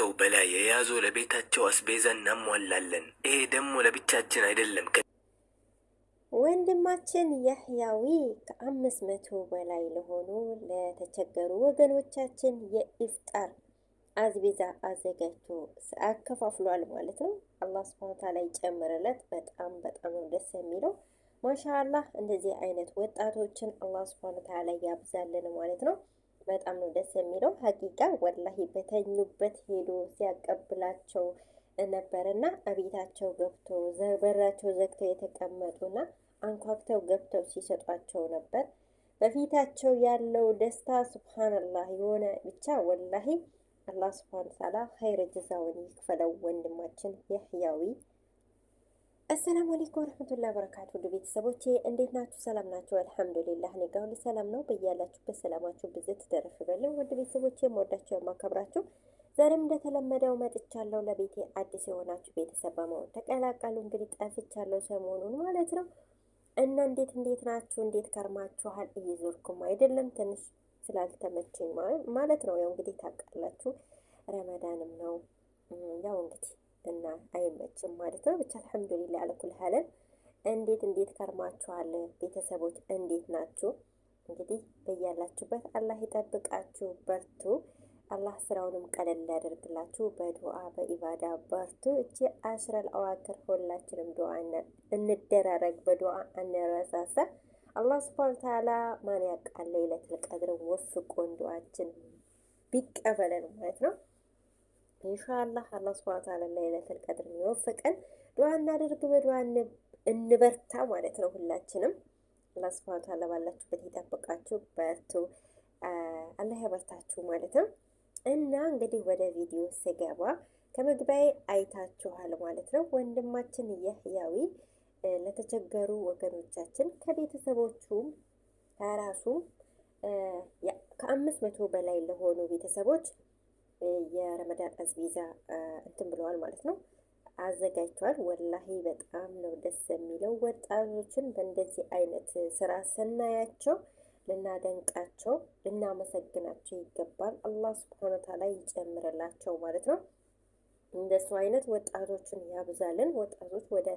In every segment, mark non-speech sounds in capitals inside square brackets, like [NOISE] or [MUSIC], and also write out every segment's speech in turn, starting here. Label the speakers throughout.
Speaker 1: ሰው በላይ የያዙ ለቤታቸው አስቤዛ እናሟላለን። ይሄ ደግሞ ለብቻችን አይደለም።
Speaker 2: ወንድማችን ያህያዊ ከአምስት መቶ በላይ ለሆኑ ለተቸገሩ ወገኖቻችን የኢፍጣር አዝቤዛ አዘጋጅቶ አከፋፍሏል ማለት ነው። አላህ ስብሃነ ተዓላ ይጨምርለት። በጣም በጣም ነው ደስ የሚለው። ማሻአላህ እንደዚህ አይነት ወጣቶችን አላህ ስብሃነ ተዓላ ያብዛልን ማለት ነው። በጣም ነው ደስ የሚለው። ሀቂቃ ወላሂ በተኙበት ሄዶ ሲያቀብላቸው ነበርና እቤታቸው ገብቶ በራቸው ዘግተው የተቀመጡና አንኳክተው ገብተው ሲሰጧቸው ነበር። በፊታቸው ያለው ደስታ ሱብሃነላህ የሆነ ብቻ ወላሂ አላህ ሱብሃነ ተዓላ ኸይረ ጀዛውን ይክፈለው ወንድማችን የህያዊ አሰላሙ አለይኩም ረህመቱላ በረካቱ ውድ ቤተሰቦቼ እንዴት ናችሁ? ሰላም ናችሁ? አልሐምዱሊላህ እኔ ጋር ሁሉ ሰላም ነው። በያላችሁበት ሰላማችሁ ብዝት ትደረፍ በለው። ውድ ቤተሰቦቼ የምወዳችሁ የማከብራችሁ፣ ዛሬም እንደተለመደው መጥቻለሁ። ለቤቴ አዲስ የሆናችሁ ቤተሰብ በመሆን ተቀላቀሉ። እንግዲህ ጠፍቻለሁ ሰሞኑን ማለት ነው እና እንዴት እንዴት ናችሁ? እንዴት ከርማችኋል? እየዞርኩም አይደለም ትንሽ ስላልተመቸኝ ማለት ነው። ያው እንግዲህ ታውቃላችሁ ረመዳንም ነው ያው እንግዲህ እና አይመችም ማለት ነው። ብቻ አልሐምዱሊላ አለኩል ሀለን። እንዴት እንዴት ከርማችኋል ቤተሰቦች? እንዴት ናችሁ? እንግዲህ በያላችሁበት አላህ ይጠብቃችሁ፣ በርቱ። አላህ ስራውንም ቀለል ያደርግላችሁ። በዱዓ በኢባዳ በርቱ። እቺ አሽረል አዋክር ሁላችንም ዱዓ እንደራረግ፣ በዱዓ እንረሳሳ። አላህ ስብሃነ ተዓላ ማን ያውቃል ለይለቱል ቀድርን ወፍቆን ዱዓችን ቢቀበለን ማለት ነው። ኢንሻአላህ አላህ ሱብሐነሁ ወተዓላ ለይለቱል ቀድርን ይወፍቀን። ዱዓ እናድርግ፣ በዱዓ እንበርታ ማለት ነው። ሁላችንም አላህ ሱብሐነሁ ወተዓላ ባላችሁበት ይጠብቃችሁ፣ በርቱ፣ አላህ ያበርታችሁ ማለት ነው። እና እንግዲህ ወደ ቪዲዮ ስገባ ከመግቢያ አይታችኋል ማለት ነው። ወንድማችን የህያዊ ለተቸገሩ ወገኖቻችን ከቤተሰቦቹም ከራሱም ከአምስት መቶ በላይ ለሆኑ ቤተሰቦች የረመዳን አዝቢዛ እንትን ብለዋል ማለት ነው አዘጋጅተዋል። ወላሂ በጣም ነው ደስ የሚለው። ወጣቶችን በእንደዚህ አይነት ስራ ስናያቸው ልናደንቃቸው፣ ልናመሰግናቸው ይገባል። አላህ ስብሐነ ወተዓላ ይጨምርላቸው ማለት ነው። እንደሱ አይነት ወጣቶችን ያብዛልን። ወጣቶች ወደ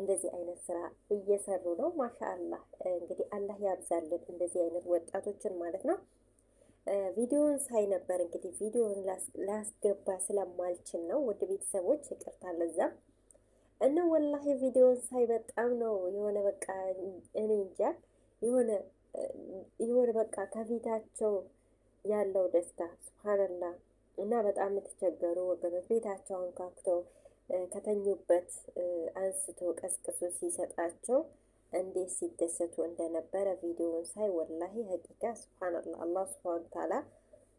Speaker 2: እንደዚህ አይነት ስራ እየሰሩ ነው። ማሻ አላህ እንግዲህ አላህ ያብዛልን እንደዚህ አይነት ወጣቶችን ማለት ነው። ቪዲዮን ሳይ ነበር እንግዲህ ቪዲዮን ላስገባ ስለማልችል ነው። ወደ ቤተሰቦች ይቅርታ ለዛ እነ ወላሂ ቪዲዮን ሳይ በጣም ነው የሆነ በቃ እኔ እንጃ የሆነ የሆነ በቃ ከፊታቸው ያለው ደስታ ስብሓንላ እና በጣም የተቸገሩ ወገኖች ቤታቸውን ካክቶ ከተኙበት አንስቶ ቀስቅሶ ሲሰጣቸው እንዴት ሲደሰቱ እንደነበረ ቪዲዮውን ሳይ ወላሂ ሀቂቃ ስብሓንላ አላህ ስብሓን ታላ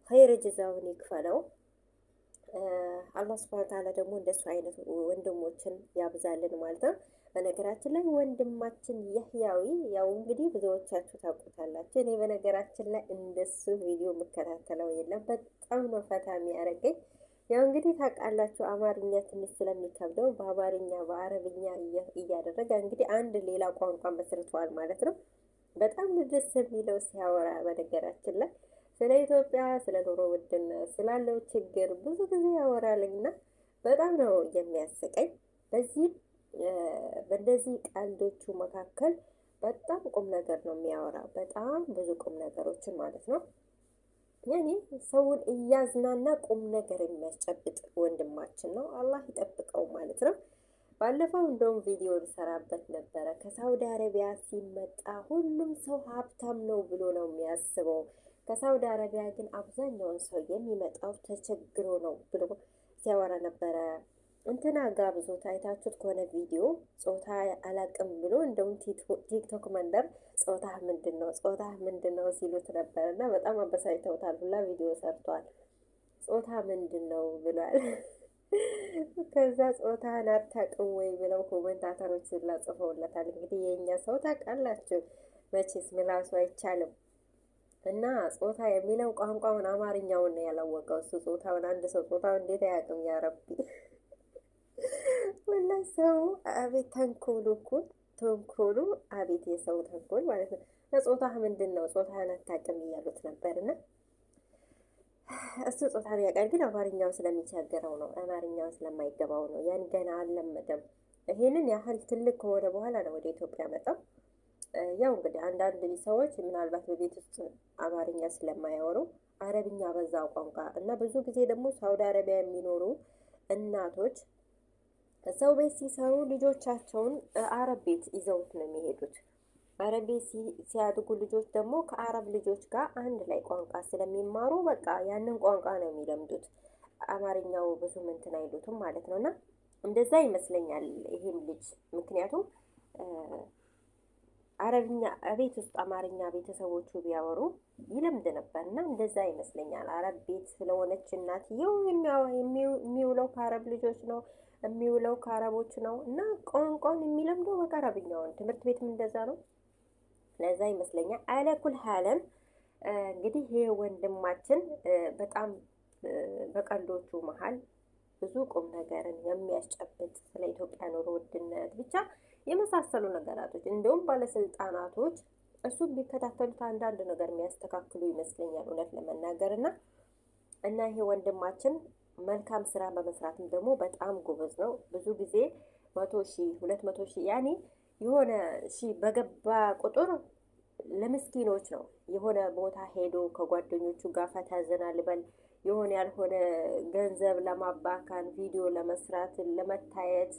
Speaker 2: ኸይር ጀዛውን ይክፈለው። አላህ ስብሓን ታላ ደግሞ እንደሱ አይነት ወንድሞችን ያብዛልን ማለት ነው። በነገራችን ላይ ወንድማችን የህያዊ ያው እንግዲህ ብዙዎቻችሁ ታውቁታላችሁ። እኔ በነገራችን ላይ እንደሱ ቪዲዮ የምከታተለው የለም። በጣም ነው ፈታ የሚያደርገኝ ያው እንግዲህ ታውቃላችሁ አማርኛ ትንሽ ስለሚከብደው በአማርኛ በአረብኛ እያደረገ እንግዲህ አንድ ሌላ ቋንቋን መስርተዋል ማለት ነው። በጣም ደስ የሚለው ሲያወራ በነገራችን ላይ ስለ ኢትዮጵያ፣ ስለ ኑሮ ውድነት፣ ስላለው ችግር ብዙ ጊዜ ያወራልና በጣም ነው የሚያስቀኝ። በዚህም በእነዚህ ቀልዶቹ መካከል በጣም ቁም ነገር ነው የሚያወራ በጣም ብዙ ቁም ነገሮችን ማለት ነው። ያኔ ሰውን እያዝናና ቁም ነገር የሚያስጨብጥ ወንድማችን ነው። አላህ ይጠብቀው ማለት ነው። ባለፈው እንደውም ቪዲዮ ልሰራበት ነበረ። ከሳውዲ አረቢያ ሲመጣ ሁሉም ሰው ሀብታም ነው ብሎ ነው የሚያስበው። ከሳውዲ አረቢያ ግን አብዛኛውን ሰው የሚመጣው ተቸግሮ ነው ብሎ ሲያወራ ነበረ። እንትና ጋብዞት አይታችሁት ከሆነ ቪዲዮ ጾታ አላቅም ብሎ እንደውም ቲክቶክ መንደር ጾታ ምንድን ነው ጾታ ምንድን ነው ሲሉት ነበር እና በጣም አበሳጭተውታል። ሁላ ቪዲዮ ሰርቷል። ጾታ ምንድን ነው ብሏል። [LAUGHS] ከዛ ጾታ አታውቅም ወይ ብለው ኮመንታተሮች ዝላ ጽፈውለታል። እንግዲህ የእኛ ሰው ታውቃላችሁ መቼስ ምላሱ አይቻልም እና ጾታ የሚለው ቋንቋውን አማርኛውን ነው ያላወቀው እሱ ጾታውን አንድ ሰው ጾታውን እንዴት አያውቅም? ያረቢ እና ሰው አቤት ተንኮሉ እኮ ተንኮሉ አቤት የሰው ተንኮል ማለት ነው። ለጾታህ ምንድን ነው ጾታህን አታውቅም እያሉት ነበር ነበርና እሱ ጾታን ያውቃል፣ ግን አማርኛውን ስለሚቸገረው ነው። አማርኛውን ስለማይገባው ነው። ያን ገና አልለመደም። ይሄንን ያህል ትልቅ ከሆነ በኋላ ነው ወደ ኢትዮጵያ መጣው። ያው እንግዲህ አንዳንድ ሰዎች ምናልባት በቤት ውስጥ አማርኛ ስለማያወሩ አረብኛ በዛ ቋንቋ እና ብዙ ጊዜ ደግሞ ሳውዲ አረቢያ የሚኖሩ እናቶች ከሰው ቤት ሲሰሩ ልጆቻቸውን አረብ ቤት ይዘውት ነው የሚሄዱት። አረብ ቤት ሲያድጉ ልጆች ደግሞ ከአረብ ልጆች ጋር አንድ ላይ ቋንቋ ስለሚማሩ በቃ ያንን ቋንቋ ነው የሚለምዱት። አማርኛው ብዙ እንትን አይሉትም ማለት ነው። እና እንደዛ ይመስለኛል ይህም ልጅ ምክንያቱም አረብኛ ቤት ውስጥ አማርኛ ቤተሰቦቹ ቢያወሩ ይለምድ ነበር እና እንደዛ ይመስለኛል። አረብ ቤት ስለሆነች እናትየው የሚውለው ከአረብ ልጆች ነው የሚውለው ከአረቦች ነው እና ቋንቋን የሚለምደው በቃ አረብኛውን ትምህርት ቤትም እንደዛ ነው። ለዛ ይመስለኛል አለኩል ሀለን እንግዲህ ይህ ወንድማችን በጣም በቀልዶቹ መሀል ብዙ ቁም ነገርን የሚያስጨብጥ ስለ ኢትዮጵያ ኑሮ ውድነት ብቻ የመሳሰሉ ነገራቶች እንደውም ባለስልጣናቶች እሱ ቢከታተሉት አንዳንድ ነገር የሚያስተካክሉ ይመስለኛል እውነት ለመናገር እና እና ይሄ ወንድማችን መልካም ስራ በመስራትም ደግሞ በጣም ጎበዝ ነው። ብዙ ጊዜ መቶ ሺ ሁለት መቶ ሺ ያኔ የሆነ ሺ በገባ ቁጥር ለምስኪኖች ነው። የሆነ ቦታ ሄዶ ከጓደኞቹ ጋር ፈታ ዘና ልበል የሆነ ያልሆነ ገንዘብ ለማባካን ቪዲዮ ለመስራት ለመታየት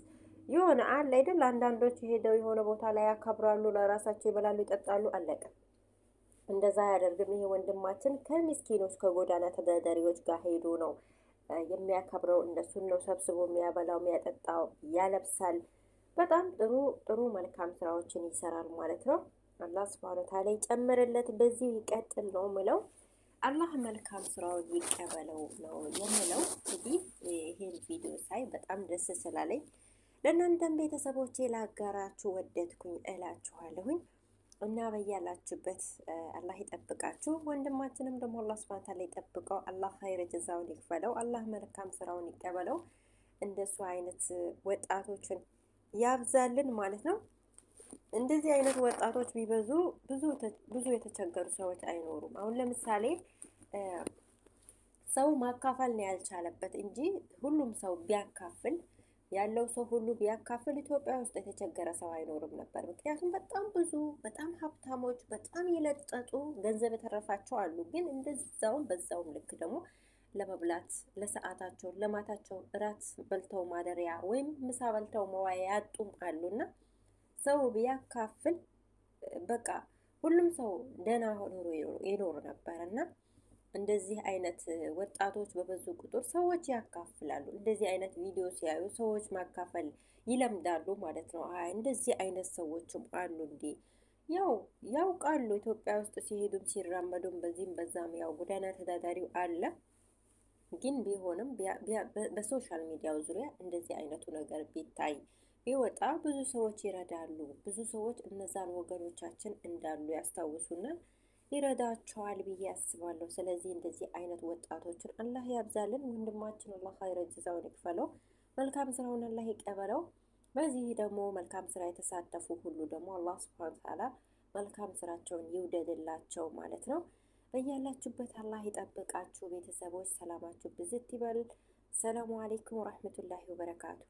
Speaker 2: የሆነ አለ አይደል? አንዳንዶች ሄደው የሆነ ቦታ ላይ ያከብራሉ፣ ለራሳቸው ይበላሉ፣ ይጠጣሉ፣ አለቀ። እንደዛ አያደርግም። ይሄ ወንድማችን ከሚስኪኖች ከጎዳና ተዳዳሪዎች ጋር ሄዶ ነው የሚያከብረው። እነሱን ነው ሰብስቦ የሚያበላው፣ የሚያጠጣው፣ ያለብሳል። በጣም ጥሩ ጥሩ መልካም ስራዎችን ይሰራል ማለት ነው። አላህ ስብሐነ ተዓላ ይጨምርለት፣ በዚህ ይቀጥል ነው ምለው። አላህ መልካም ስራውን ይቀበለው ነው የምለው። እንግዲህ ይህን ቪዲዮ ሳይ በጣም ደስ ስላለኝ ለእናንተም ቤተሰቦቼ ላጋራችሁ ወደድኩኝ እላችኋለሁኝ እና በያላችሁበት አላህ ይጠብቃችሁ። ወንድማችንም ደግሞ አላህ ሱብሃነ ተዓላ ይጠብቀው። አላህ ኸይረ ጀዛውን ይክፈለው። አላህ መልካም ስራውን ይቀበለው። እንደሱ አይነት ወጣቶችን ያብዛልን ማለት ነው። እንደዚህ አይነት ወጣቶች ቢበዙ ብዙ የተቸገሩ ሰዎች አይኖሩም። አሁን ለምሳሌ ሰው ማካፈል ነው ያልቻለበት እንጂ ሁሉም ሰው ቢያካፍል ያለው ሰው ሁሉ ቢያካፍል ኢትዮጵያ ውስጥ የተቸገረ ሰው አይኖርም ነበር። ምክንያቱም በጣም ብዙ በጣም ሀብታሞች፣ በጣም የለጠጡ ገንዘብ የተረፋቸው አሉ። ግን እንደዛውም በዛውም ልክ ደግሞ ለመብላት ለሰዓታቸው ለማታቸው እራት በልተው ማደሪያ ወይም ምሳ በልተው መዋያ ያጡም እና ሰው ቢያካፍል በቃ ሁሉም ሰው ደህና ኖሮ ይኖር ነበር እና እንደዚህ አይነት ወጣቶች በበዙ ቁጥር ሰዎች ያካፍላሉ። እንደዚህ አይነት ቪዲዮ ሲያዩ ሰዎች ማካፈል ይለምዳሉ ማለት ነው። አይ እንደዚህ አይነት ሰዎችም አሉ እንዴ! ያው ያውቃሉ። ኢትዮጵያ ውስጥ ሲሄዱም ሲራመዱም በዚህም በዛም ያው ጎዳና ተዳዳሪው አለ። ግን ቢሆንም በሶሻል ሚዲያው ዙሪያ እንደዚህ አይነቱ ነገር ቢታይ ቢወጣ ብዙ ሰዎች ይረዳሉ። ብዙ ሰዎች እነዛን ወገኖቻችን እንዳሉ ያስታውሱናል። ይረዳቸዋል ብዬ አስባለሁ። ስለዚህ እንደዚህ አይነት ወጣቶችን አላህ ያብዛልን። ወንድማችን አላህ ኸይረን ጀዛውን ይክፈለው፣ መልካም ስራውን አላህ ይቀበለው። በዚህ ደግሞ መልካም ስራ የተሳተፉ ሁሉ ደግሞ አላህ ስብሐነ ተዓላ መልካም ስራቸውን ይውደድላቸው ማለት ነው። በያላችሁበት አላህ ይጠብቃችሁ። ቤተሰቦች ሰላማችሁ ብዝት ይበል። ሰላሙ አሌይኩም ወረሕመቱላሂ ወበረካቱ።